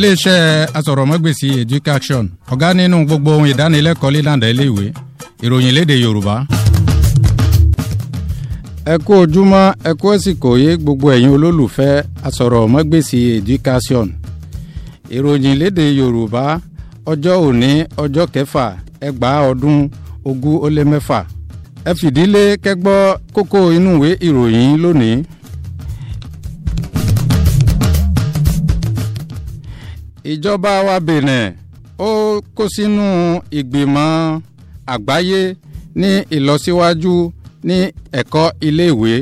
iléeṣẹ́ asọ̀rọ̀mọ́gbèsì education ọ̀gá nínú gbogbo ohun ìdánilẹ́kọ̀ọ́ lílànà iléèwé ìròyìn léde yorùbá. ẹ kú ojúmọ́ ẹ kú àsìkò yé gbogbo ẹ̀yin olólùfẹ́ asọ̀rọ̀mọ́gbèsì education ìròyìn léde yorùbá ọjọ́ òní ọjọ́ kẹfà ẹgbàá ọdún ogún ó lé mẹ́fà ẹ fìdílé kẹ́gbọ́ kókó inú ìwé ìròyìn lónìí. ìjọba wa Benin ó kó sínú ìgbìmọ̀ àgbáyé ní ìlọsíwájú ní ẹ̀kọ́ iléèwé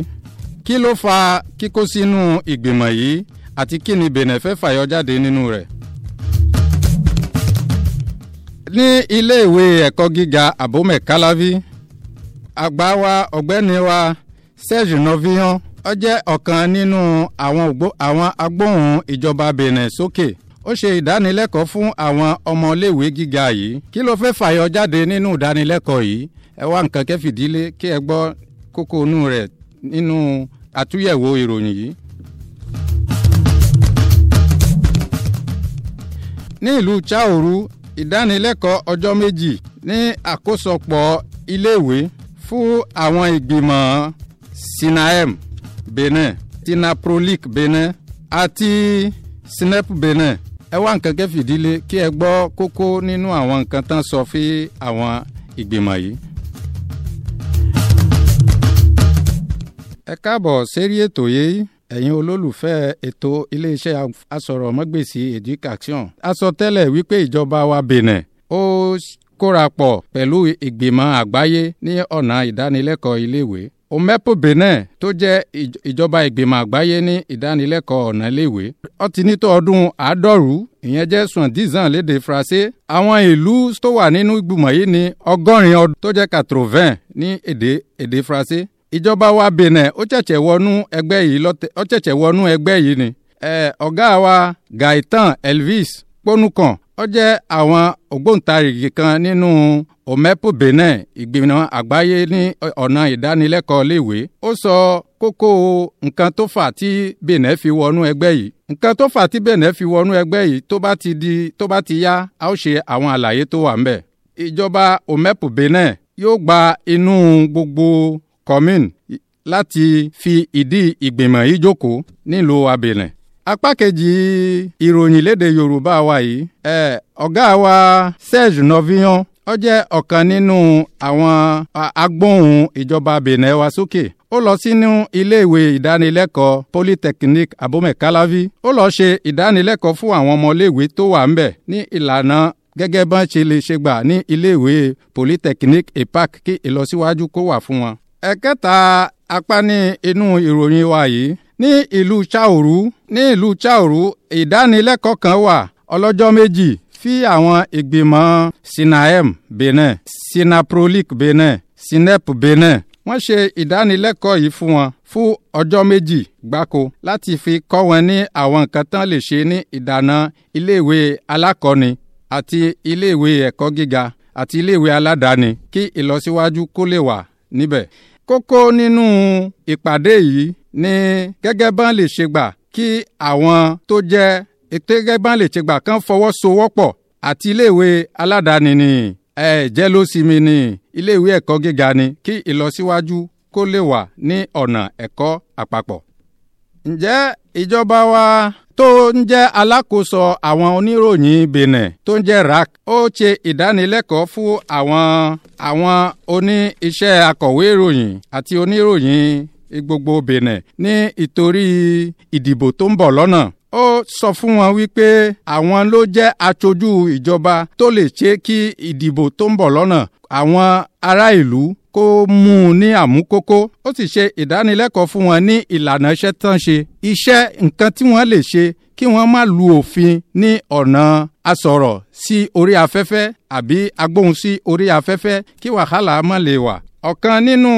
kí ló fa kíkó sínú ìgbìmọ̀ yìí àti kí ni Benin fẹ́ fàyọ jáde nínú rẹ̀. ní iléèwé ẹ̀kọ́ gíga abomekalavi àgbà wa ọ̀gbẹ́ni wa Serge Novian ó jẹ́ ọ̀kan nínú àwọn agbóhùn ìjọba Benin sókè. So ó ṣe ìdánilẹ́kọ̀ọ́ fún àwọn ọmọléèwé gíga yìí kí ló fẹ́ fàyọ jáde nínú ìdánilẹ́kọ̀ọ́ yìí ẹ wá nǹkan kẹfìdílé kí ẹ gbọ́ kókó inú rẹ̀ nínú àtúnyẹ̀wò ìròyìn yìí. ní ìlú chaoru ìdánilẹ́kọ̀ọ́ ọjọ́ méjì ní àkósọpọ̀ iléèwé fún àwọn ìgbìmọ̀ sinaem benin sinaprolic benin àti sinep benin ẹ wá nǹkan kẹ́ fìdílé kí ẹ gbọ́ kókó nínú àwọn nǹkan tán sọ fí àwọn ìgbìmọ̀ yìí. ẹ káàbọ̀ sérí ètò yìí ẹ̀yin olólùfẹ́ ètò iléeṣẹ́ asọ̀rọ̀mọ́gbèsì education asọtẹ́lẹ̀ wípé ìjọba wa Benin ó kórapọ̀ pẹ̀lú ìgbìmọ̀ àgbáyé ní ọ̀nà ìdánilẹ́kọ̀ọ́ iléèwé omepo benin tó jẹ́ ìjọba ìgbìmọ̀ àgbáyé ní ìdánilẹ́kọ̀ọ́ ọ̀nà iléèwé ó ti ní tó ọdún àádọ́rùú ìyẹn jẹ́ soixante-dix léde faransé àwọn ìlú tó wà nínú ìgbìmọ̀ yìí ní ọgọ́rin ọdún tó jẹ́ quatre ní èdè èdè faransé ìjọba wa benin ó ṣẹ̀ṣẹ̀ wọnú ẹgbẹ́ yìí lọ́tẹ̀ ó ṣẹ̀ṣẹ̀ wọnú ẹgbẹ́ yìí ni ọ̀gá wa gaetan elvis pọnukan ó jẹ́ àwọn ògbóǹtarìgì kan nínú omepo benin ìgbìmọ̀ àgbáyé ní ọ̀nà ìdánilẹ́kọ̀ọ́ léèwé ó sọ kókó nǹkan tó fà tí benin fi wọnú ẹgbẹ́ yìí nǹkan tó fà tí benin fi wọnú ẹgbẹ́ yìí tó bá ti di tó bá ti yá a ó ṣe àwọn àlàyé tó wà ńbẹ̀ ìjọba omepo benin yóò gba inú gbogbo commune láti fi ìdí ìgbìmọ̀ yìí jókòó nílùú abẹ̀lẹ̀ apá kejì ìròyìn léde yorùbá wa yìí ẹ ọ̀gá wa serge novion ó jẹ́ ọ̀kan nínú àwọn agbóhùn ìjọba benin wa sókè ó lọ sínú iléèwé ìdánilẹ́kọ̀ọ́ polytechnic abomekalavi ó lọ ṣe ìdánilẹ́kọ̀ọ́ fún àwọn ọmọléèwé tó wà ń bẹ̀ ní ìlànà gẹ́gẹ́ bá ṣe lè ṣe gbà ní iléèwé polytechnic epac kí ìlọsíwájú kó wà fún wọn. ẹ̀kẹta apá ní inú ìròyìn wa yìí ní ìlú chaoru ní ìlú chaoru ìdánilẹ́kọ̀ọ́ kan wà ọlọ́jọ́ méjì fi àwọn ìgbìmọ̀ sinaem benin sinaprolic benin sinep benin wọ́n ṣe ìdánilẹ́kọ̀ọ́ yìí fún wọn fún ọjọ́ méjì gbáko láti fi kọ́ wọn ní àwọn nǹkan tán lè ṣe ní ìdáná iléèwé alákọ̀ọ́ni àti iléèwé ẹ̀kọ́ gíga àti iléèwé aládàáni kí ìlọsíwájú kó lè wà níbẹ̀ kókó nínú ìpàdé yìí ni gẹ́gẹ́ bá lè ṣe gbà kí àwọn tó jẹ́ gẹ́gẹ́ bá lè ṣe gbà kán fọwọ́sowọ́pọ̀ àti iléèwé aládàáni ni ẹ jẹ́ ló sì mi ni iléèwé ẹ̀kọ́ gíga ni kí ìlọsíwájú kó lè wà ní ọ̀nà ẹ̀kọ́ àpapọ̀. ǹjẹ́ ìjọba wa tó ń jẹ́ alákòóso àwọn oníròyìn benin tó ń jẹ́ rak ó ṣe ìdánilẹ́kọ̀ọ́ fún àwọn àwọn oníṣẹ́ akọ̀wé ìròyìn àti oníròyìn gbogbo benin ní ìtorí ìdìbò tó ń bọ̀ lọ́nà ó sọ fún wọn wípé àwọn ló jẹ́ aṣojú ìjọba tó lè ṣe kí ìdìbò tó ń bọ̀ lọ́nà àwọn ará ìlú kó mú un ní àmúkókó ó sì ṣe ìdánilẹ́kọ̀ọ́ fún wọn ní ìlànà iṣẹ́ tán ṣe iṣẹ́ nǹkan tí wọ́n lè ṣe kí wọ́n má lu òfin ní ọ̀nà asọ̀rọ̀ sí orí afẹ́fẹ́ àbí agbóhùn sí orí afẹ́fẹ́ kí wàhálà má lè wà. ọ̀kan nínú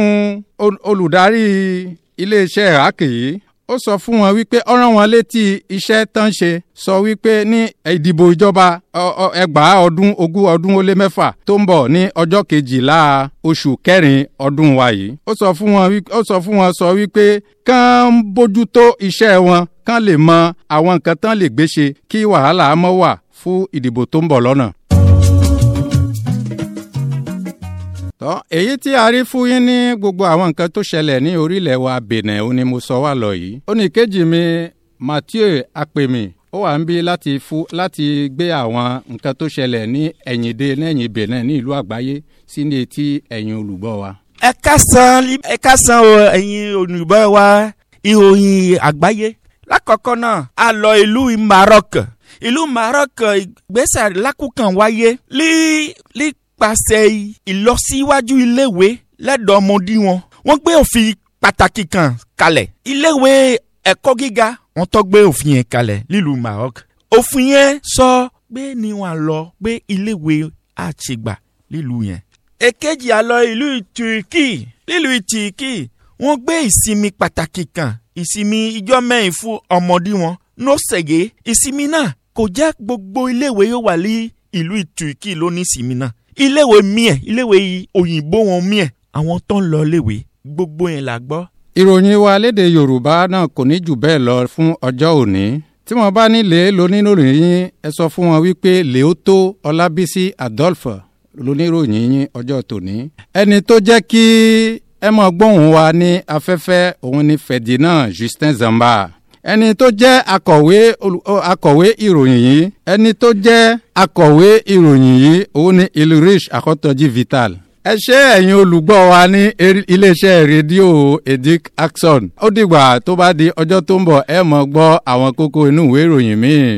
olùdarí iléeṣẹ́ àkèyí ó sọ fún wọn wípé ó rán wọn létí iṣẹ́ tán ṣe sọ wípé ní ìdìbò ìjọba ẹgbàá ọdún ogún ọdún ó lé mẹ́fà tó ń bọ̀ ní ọjọ́ kejìlá oṣù kẹrin ọdún wa yìí. ó sọ fún wọn ó sọ fún wọn sọ wípé kán ń bójútó iṣẹ́ wọn kán lè mọ àwọn nǹkan tán lè gbé ṣe kí wàhálà mọ́ wà fún ìdìbò tó ń bọ̀ lọ́nà. tọ́ èyí tí a rí fún yín ní gbogbo àwọn nǹkan tó ṣẹlẹ̀ ní orílẹ̀ wa Benin ó ní mo sọ wá lọ yìí. ó ní kejì mi Mathieu Apèmí ó wà ń bí láti fún láti gbé àwọn nǹkan tó ṣẹlẹ̀ ní ẹ̀yìndé lẹ́yìn Benin ní ìlú àgbáyé sí ní etí ẹ̀yin olùgbọ́ wa. ẹ kásán ẹ kásán o ẹ̀yin olùgbọ́ wa ìròyìn àgbáyé lákọ̀ọ́kọ́ náà a lọ ìlú Maroc ìlú Maroc ìgbésẹ̀ lákùkàn wáyé ní nípasẹ̀ ìlọsíwájú iléèwé lẹ́dọ̀ ọmọdé wọn wọ́n gbé òfin pàtàkì kan kalẹ̀ iléèwé ẹ̀kọ́ gíga wọ́n tó gbé òfin yẹn kalẹ̀ nílùú Maroc òfin yẹn sọ pé ni wọn lọ pé iléèwé àṣegbà nílùú yẹn èkejì àlọ ìlú Turkey nílùú Turkey wọ́n gbé ìsinmi pàtàkì kan ìsinmi ijọ́ mẹ́rin fún ọmọdé wọn nọ́sẹ̀gẹ́ ìsinmi náà kò jẹ́ gbogbo iléèwé yóò wà ní ìlú Turkey lónìí ìsinmi náà iléèwé miẹ̀ iléèwé òyìnbó wọn miẹ̀ àwọn tó ń lọ léèwé gbogbo yẹn la gbọ́. ìròyìn wa léde yorùbá náà kò ní jù bẹ́ẹ̀ lọ fún ọjọ́ òní tí wọ́n bá nílé lóníròyìn yín ẹ sọ fún wọn wípé lèótó ọlábísí adolphe lóníròyìn yín ọjọ́ tòní. ẹni tó jẹ́ kí ẹ mọ̀ gbóhùn wa ní afẹ́fẹ́ òun ni Ferdinand Justin Zamba ẹni tó jẹ́ akọ̀wé akọ̀wé ìròyìn yìí ẹni tó jẹ́ akọ̀wé ìròyìn yìí òun ni Ulrich Akọ́tọ́jì Vital ẹ ṣé ẹ̀yin olùgbọ́ wa ní iléeṣẹ́ rédíò Edic Action ó dìgbà tó bá di ọjọ́ tó ń bọ̀ ẹ mọ̀ gbọ́ àwọn kókó inú ìròyìn míì.